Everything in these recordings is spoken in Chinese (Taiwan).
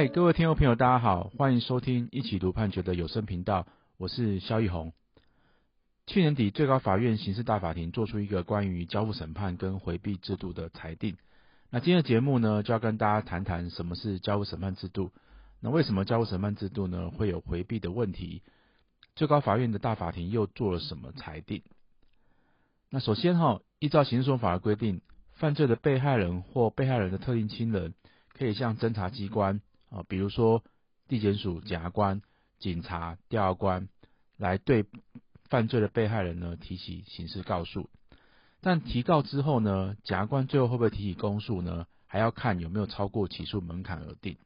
嗨，各位聽眾朋友，大家好，歡迎收聽一起讀判決的有聲頻道，我是蕭奕弘。去年底，最高法院刑事大法庭做出一個關於交付審判跟回避制度的裁定。那今天的節目呢，就要跟大家談談什麼是交付審判制度。那為什麼交付審判制度呢會有回避的問題？最高法院的大法庭又做了什麼裁定？那首先哈、哦，依照刑事訴訟法的規定，犯罪的被害人或被害人的特定親人，可以向偵查機關。啊，比如說，地檢署檢察官、警察、調查官來對犯罪的被害人呢提起刑事告訴，但提告之後呢，檢察官最後會不會提起公訴呢？還要看有沒有超過起訴門檻而定。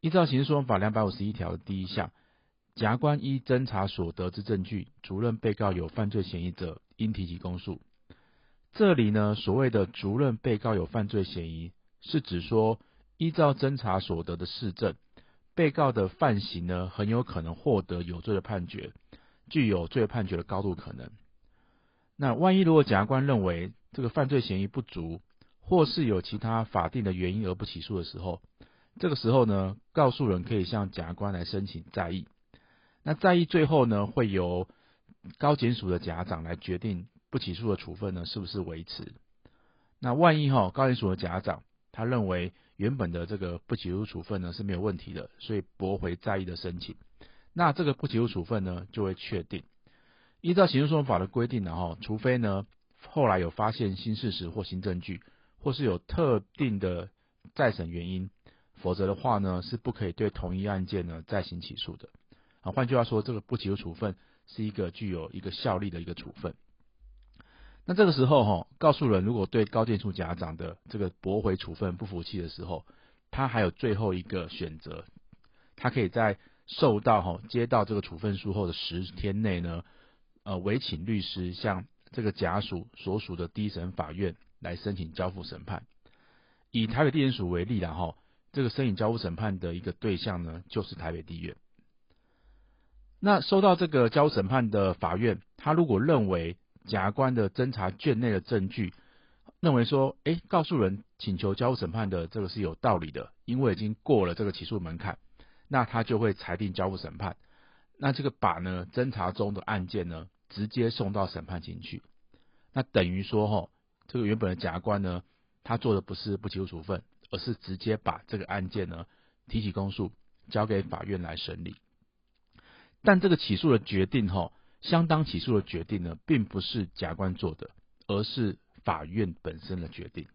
依照刑事訴訟法兩百五十一條的第一項，檢察官依偵查所得之證據，足認被告有犯罪嫌疑者，應提起公訴。這裡呢，所謂的足認被告有犯罪嫌疑，是指說。依照偵查所得的事證，被告的犯行呢，很有可能獲得有罪的判決，具有罪判決的高度可能。那萬一如果檢察官認為這個犯罪嫌疑不足，或是有其他法定的原因而不起訴的時候，這個時候呢，告訴人可以向檢察官來申請再議。那再議最後呢，會由高檢署的檢察長來決定不起訴的處分呢，是不是維持？那萬一哈，高檢署的檢察長他認為。原本的這個不起訴處分呢，是沒有問題的，所以駁回再議的申請。那這個不起訴處分呢就會確定，依照刑事訴訟法的規定呢，然後除非呢後來有發現新事實或新證據，或是有特定的再審原因，否則的話呢是不可以對同一案件呢再行起訴的。啊，換句話說，這個不起訴處分是一個具有一個效力的一個處分。那這個時候哈、哦，告訴人如果對高檢署家長的這個駁回處分不服氣的時候，他還有最後一個選擇，他可以在受到哈接到這個處分書後的十天內呢，呃，委請律師向這個甲署所屬的第一審法院來申請交付審判。以台北地檢署為例，然後這個申請交付審判的一個對象呢，就是台北地院。那收到這個交付審判的法院，他如果認為，檢察官的偵查卷內的證據，認為說，誒、欸，告訴人請求交付審判的這個是有道理的，因為已經過了這個起訴門檻，那他就會裁定交付審判。那這個把呢，偵查中的案件呢，直接送到審判庭去，那等於說哈，這個原本的檢察官呢，他做的不是不起訴處分，而是直接把這個案件呢提起公訴，交給法院來審理。但這個起訴的決定哈。相當起訴的決定呢，並不是假官做的，而是法院本身的決定。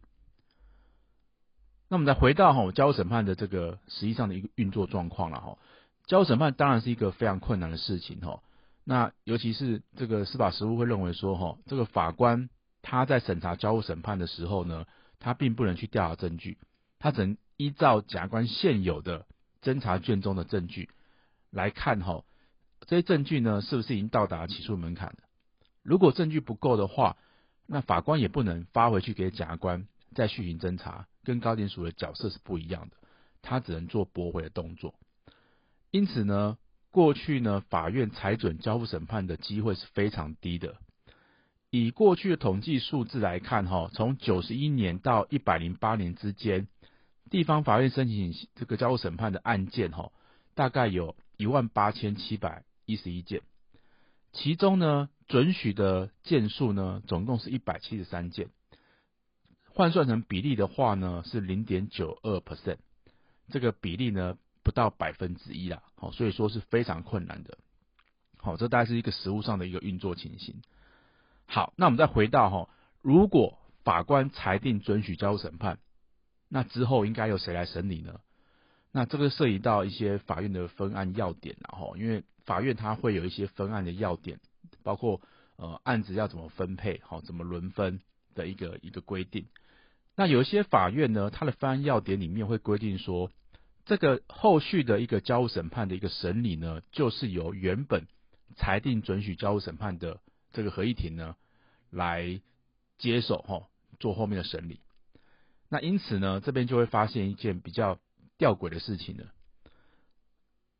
那我們再回到吼、喔，交付審判的這個實際上的一個運作狀況了吼，交付審判當然是一個非常困難的事情吼、喔，那尤其是這個司法實務會認為說吼、喔，這個法官他在審查交付審判的時候呢，他並不能去調查證據，他只能依照假官現有的偵查卷中的證據來看吼、喔。這些證據呢，是不是已經到達起訴門檻了？如果證據不夠的話，那法官也不能發回去給檢察官再續行偵查，跟高檢署的角色是不一樣的，他只能做駁回的動作。因此呢，過去呢，法院裁准交付審判的機會是非常低的。以過去的統計數字來看、哦，哈，從九十一年到一百零八年之間，地方法院申請這個交付審判的案件、哦，哈，大概有。一萬八千七百一十一件，其中呢，准許的件數呢，總共是一百七十三件，換算成比例的話呢，是零點九二 percent，這個比例呢，不到百分之一啦，好、哦，所以說是非常困難的，好、哦，這大概是一個實務上的一個運作情形。好，那我們再回到哈、哦，如果法官裁定准許交付審判，那之後應該由誰來審理呢？那這個涉及到一些法院的分案要點、啊，然後因為法院它會有一些分案的要點，包括呃案子要怎麼分配，好、哦、怎麼輪分的一個一個規定。那有一些法院呢，它的分案要點裡面會規定說，這個後續的一個交付審判的一個審理呢，就是由原本裁定准許交付審判的這個合議庭呢來接手，哈、哦、做後面的審理。那因此呢，這邊就會發現一件比較吊詭的事情呢？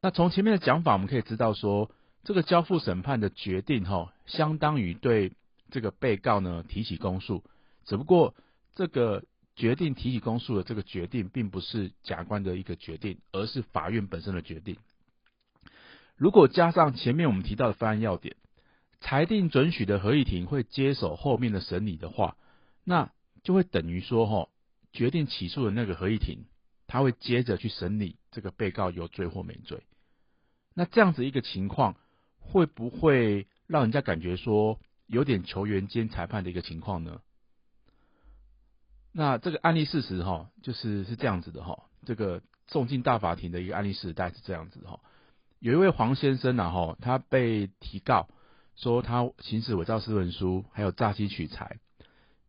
那從前面的講法，我們可以知道說，這個交付審判的決定，哈、哦，相當於對這個被告呢提起公訴。只不過，這個決定提起公訴的這個決定，並不是甲官的一個決定，而是法院本身的決定。如果加上前面我們提到的分案要點，裁定准許的合議庭會接手後面的審理的話，那就會等於說，哈、哦，決定起訴的那個合議庭。他會接着去審理這個被告有罪或沒罪。那這樣子一個情況，會不會讓人家感覺說有點球員兼裁判的一個情況呢？那這個案例事實哈，就是是這樣子的哈。這個送進大法庭的一個案例事實大概是這樣子的哈。有一位黃先生呢、啊、哈，他被提告說他行使偽造私文書，還有詐欺取財。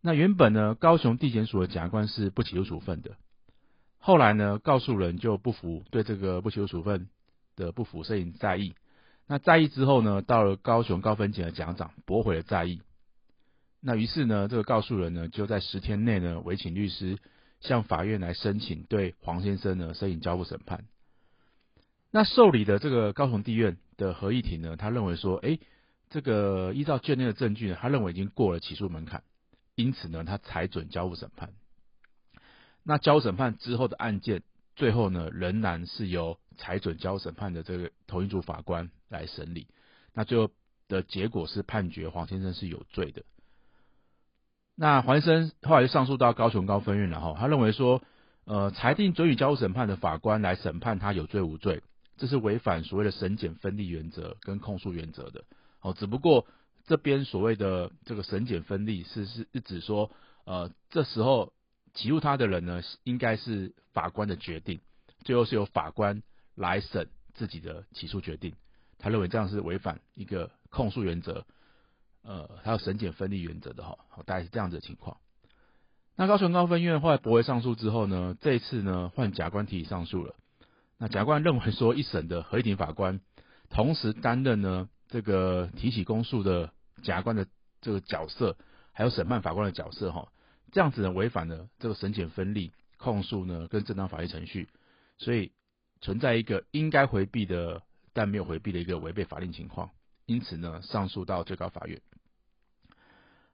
那原本呢，高雄地檢署的檢察官是不起訴處分的。後來呢，告訴人就不服，對這個不起訴處分的不服，聲請再議。那再議之後呢，到了高雄高分檢的檢察長駁回了再議。那於是呢，這個告訴人呢，就在十天內呢，委請律師向法院來聲請對黃先生呢，聲請交付審判。那受理的這個高雄地院的合議庭呢，他認為說，哎、欸，這個依照卷內的證據呢，他認為已經過了起訴門檻，因此呢，他裁准交付審判。那交審判之後的案件，最後呢，仍然是由裁准交審判的這個同一組法官來審理。那最後的結果是判決黃先生是有罪的。那黃先生後來就上訴到高雄高分院了哈，然後他認為說，呃，裁定准予交審判的法官來審判他有罪無罪，這是違反所謂的審檢分立原則跟控訴原則的。哦，只不過這邊所謂的這個審檢分立是是是指說，呃，這時候。起訴他的人呢，應該是法官的決定，最後是由法官來審自己的起訴決定。他認為這樣是違反一個控訴原則，呃，還有審檢分立原則的哈。大概是這樣子的情況。那高雄高分院後來駁回上訴之後呢，這一次呢，換甲官提起上訴了。那甲官認為說，一審的合議庭法官同時擔任呢這個提起公訴的甲官的這個角色，還有審判法官的角色哈。這樣子呢，違反了這個審檢分立、控訴呢跟正當法律程序，所以存在一個應該回避的但沒有回避的一個違背法令情況，因此呢，上訴到最高法院。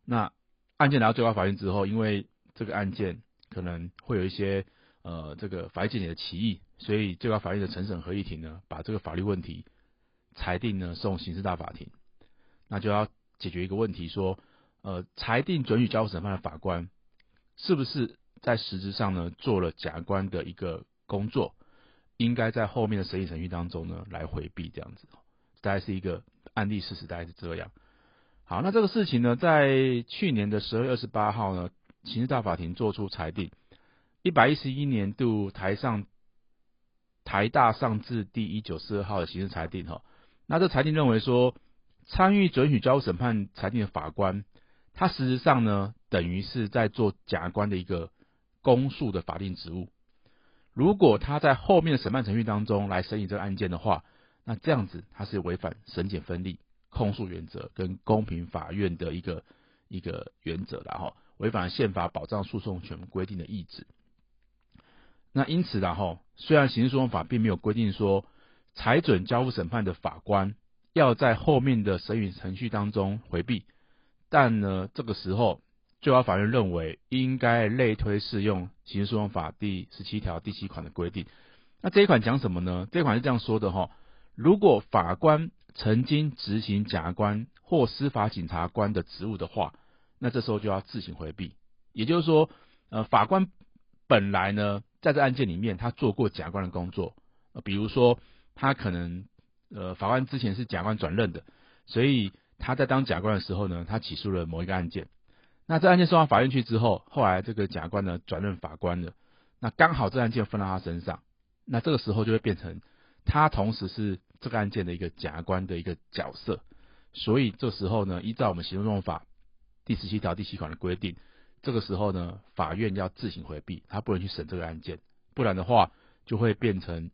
那案件來到最高法院之後，因為這個案件可能會有一些呃這個法律見解的歧義，所以最高法院的承審合議庭呢，把這個法律問題裁定呢送刑事大法庭，那就要解決一個問題說，說呃裁定准予交付審判的法官，是不是在實質上呢做了假官的一個工作，應該在後面的審理程序當中呢來迴避這樣子，大概是一個案例事實，大概是這樣。好，那這個事情呢，在去年的十二月二十八號呢，刑事大法庭作出裁定，一百一十一年度台上台上大字第一九四二號的刑事裁定哈，那這裁定認為說，參與准許交付審判裁定的法官。他事實上呢，等於是在做檢察官的一個公訴的法定職務。如果他在後面的審判程序當中來審理這個案件的話，那這樣子他是違反審檢分立、控訴原則跟公平法院的一個一個原則的哈，違反憲法保障訴訟權規定的意志。那因此，然後雖然刑事訴訟法並沒有規定說，裁准交付審判的法官要在後面的審理程序當中迴避。但呢，這個時候最高法院認為應該類推適用刑事訴訟法第十七條第七款的規定。那這一款講什麼呢？這一款是這樣說的哈、哦：如果法官曾經執行檢察官或司法警察官的職務的話，那這時候就要自行迴避。也就是說，呃，法官本來呢在這案件裡面他做過檢察官的工作，呃，比如說他可能呃法官之前是檢察官轉任的，所以。他在當檢察官的時候呢，他起訴了某一個案件。那這案件送到法院去之後，後來這個檢察官呢轉任法官了。那剛好這案件分到他身上，那這個時候就會變成他同時是這個案件的一個檢察官的一個角色。所以這時候呢，依照我們刑事訴訟法第十七條第七款的規定，這個時候呢，法院要自行迴避，他不能去審這個案件，不然的話就會變成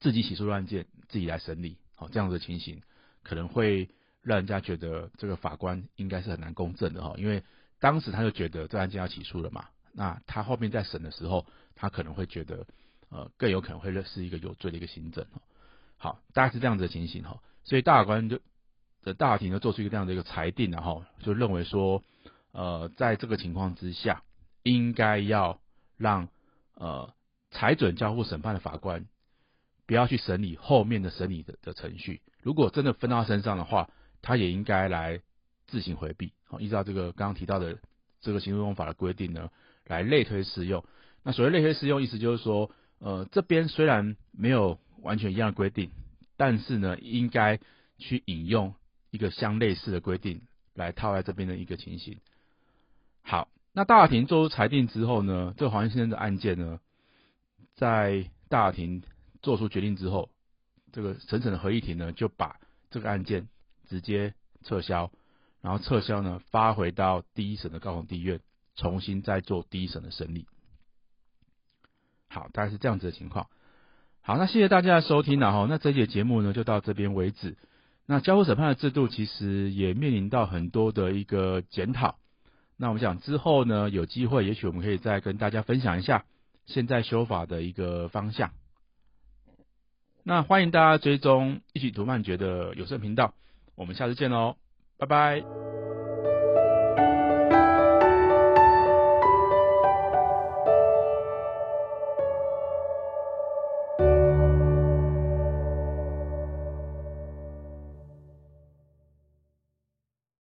自己起訴的案件自己來審理。好，這樣子的情形可能會。讓人家覺得這個法官應該是很難公正的，哈，因為當時他就覺得這案件要起訴了嘛，那他後面在審的時候，他可能會覺得，呃，更有可能會是一個有罪的一個心證哦。好，大概是這樣子的情形哈，所以大法官就的大庭呢做出一個這樣的一個裁定，然後就認為說，呃，在這個情況之下，應該要讓呃裁准交付審判的法官不要去審理後面的審理的的程序，如果真的分到他身上的話。他也應該來自行迴避哦，依照這個剛剛提到的這個行政訴訟法的規定呢，來類推適用。那所謂類推適用，意思就是說，呃，這邊雖然沒有完全一樣的規定，但是呢，應該去引用一個相類似的規定來套在這邊的一個情形。好，那大庭做出裁定之後呢，這個黃先生的案件呢，在大庭做出決定之後，這個審審的合議庭呢，就把這個案件。直接撤銷，然後撤銷呢發回到第一審的高雄地院，重新再做第一審的審理。好，大概是這樣子的情況。好，那謝謝大家的收聽了吼、哦，那這一節節目呢就到這邊為止。那交付審判的制度其實也面臨到很多的一個檢討。那我們講之後呢，有機會也許我們可以再跟大家分享一下現在修法的一個方向。那歡迎大家追蹤一起讀判決的有聲頻道。我們下次見嘍，拜拜。